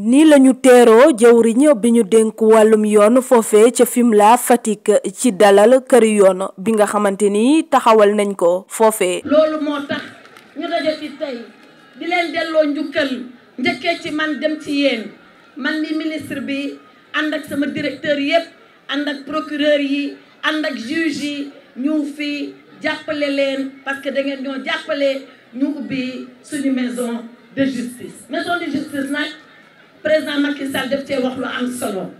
ni lañu teeroo jëwriñ bi ñu dénk wàllum yoon foofee ca Fimela fatik ci dalal këri yoon bi nga xamante ni taxawal nañ ko foofee loolu moo tax ñu daje fi tey di leen delloo njukkal njëkkee ci man dem ci yéen man ni ministre bi ànd ak sama directeur yëpp ànd ak procureur yi ànd ak juge yi ñu fi jàppale leen parce que da ngeen ñoo jàppale ñu ubbi suñu maison de justice. maison de justice nag président Macky Sall def cee wax lu am solo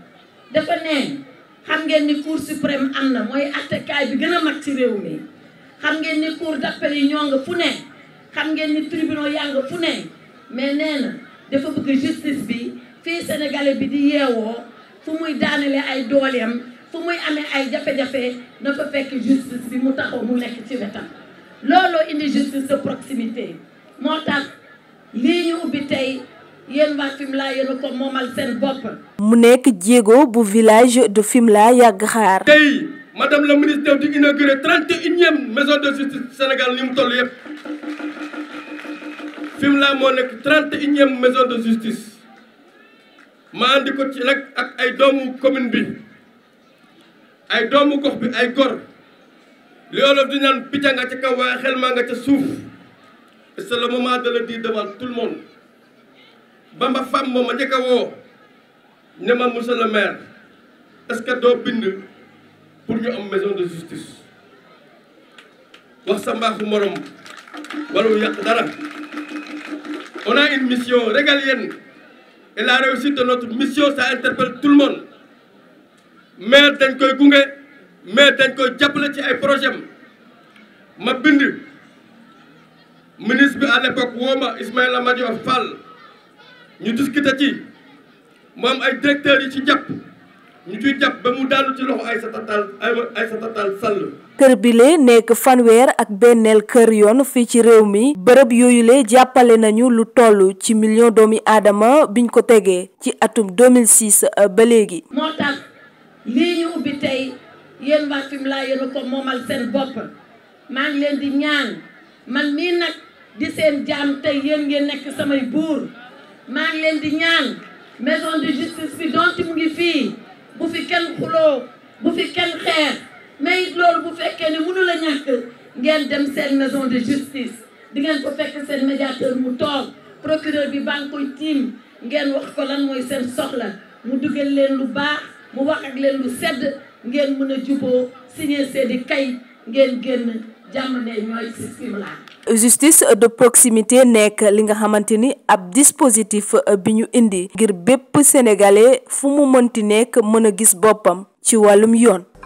defa ne xam ngeen ni cour suprême am na mooy attekaay bi gën a mag ci réew mi xam ngeen ni cour d'appel yi ñoo nga fu ne xam ngeen ni tribunal yaa nga fu ne mais nee na dafa bëgg justice bi fii sénégalais bi di yeewoo. fu muy daanelee ay dooleem fu muy amee ay jafe-jafe na fekk justice bi mu taxaw mu nekk ci wetam looloo indi justice de proximité moo tax lii ñu ubbi tey yéen waa Fimela yéen a ko moomal seen bopp. mu nekk jéego bu village de Fimela yàgg xaar. tey madame la ministre di inauguré trente et unième de justice Sénégal ni mu toll yëpp Fimela moo nekk trente et unième de justice. ma andi ko ci nag ak ay doomu commune bi ay doomu gox bi ay gor li Wolof di naan picc nga ca kaw waaye xel maa nga ca suuf c'est le moment de le dire devant tout le monde ba Fam moom ma njëkk a woo ne ma monsieur le maire que doo bind pour ñu am maison de justice wax sa mbaaxu morom walu yàq dara on a une mission régalienne et la réussite de notre mission ça interpelle tout le monde mais gunge mais dañ koy jàppale ci ay projet ma bind ministre bi à l'époque woo ma Ismaïla Madior Fall ñu discuter ci moom ay directeurs yi ci jàpp ñu ciy jàpp bile nekk fanweer ak benneel kër yoon fii ci réew mi bërëb yooyule jàppale nañu lu toll ci million doomi aadama biñ ko tegee ci atum 2006 euh, ba léegi moo tax lii ñu ubbi tey yéen waa Fimela ko moomal seen bopp maa ngi leen di ñaan man mii nag di seen jaam tey yéen ngeen nekk samay buur maa ngi leen di ñaan maison de justice bi donte mu ngi fii kenn xuloo bu fi kenn xeex mais it loolu bu fekkee ne mënu la ñàkk ngeen dem seen maison de justice di ngeen ko fekk seen médiateur mu toog procureur bi baa ngi koy tiim ngeen wax ko lan mooy seen soxla mu dugal leen lu baax mu wax ak leen lu sedd ngeen mën a juboo signé seen i kay ngeen génn jàmm ne ñooy si simla justice de proximité nekk li nga xamante ni ab dispositif euh, bi ñu indi ngir bépp sénégalais fu mu mënti nekk mën a gis boppam ci wàllum yoon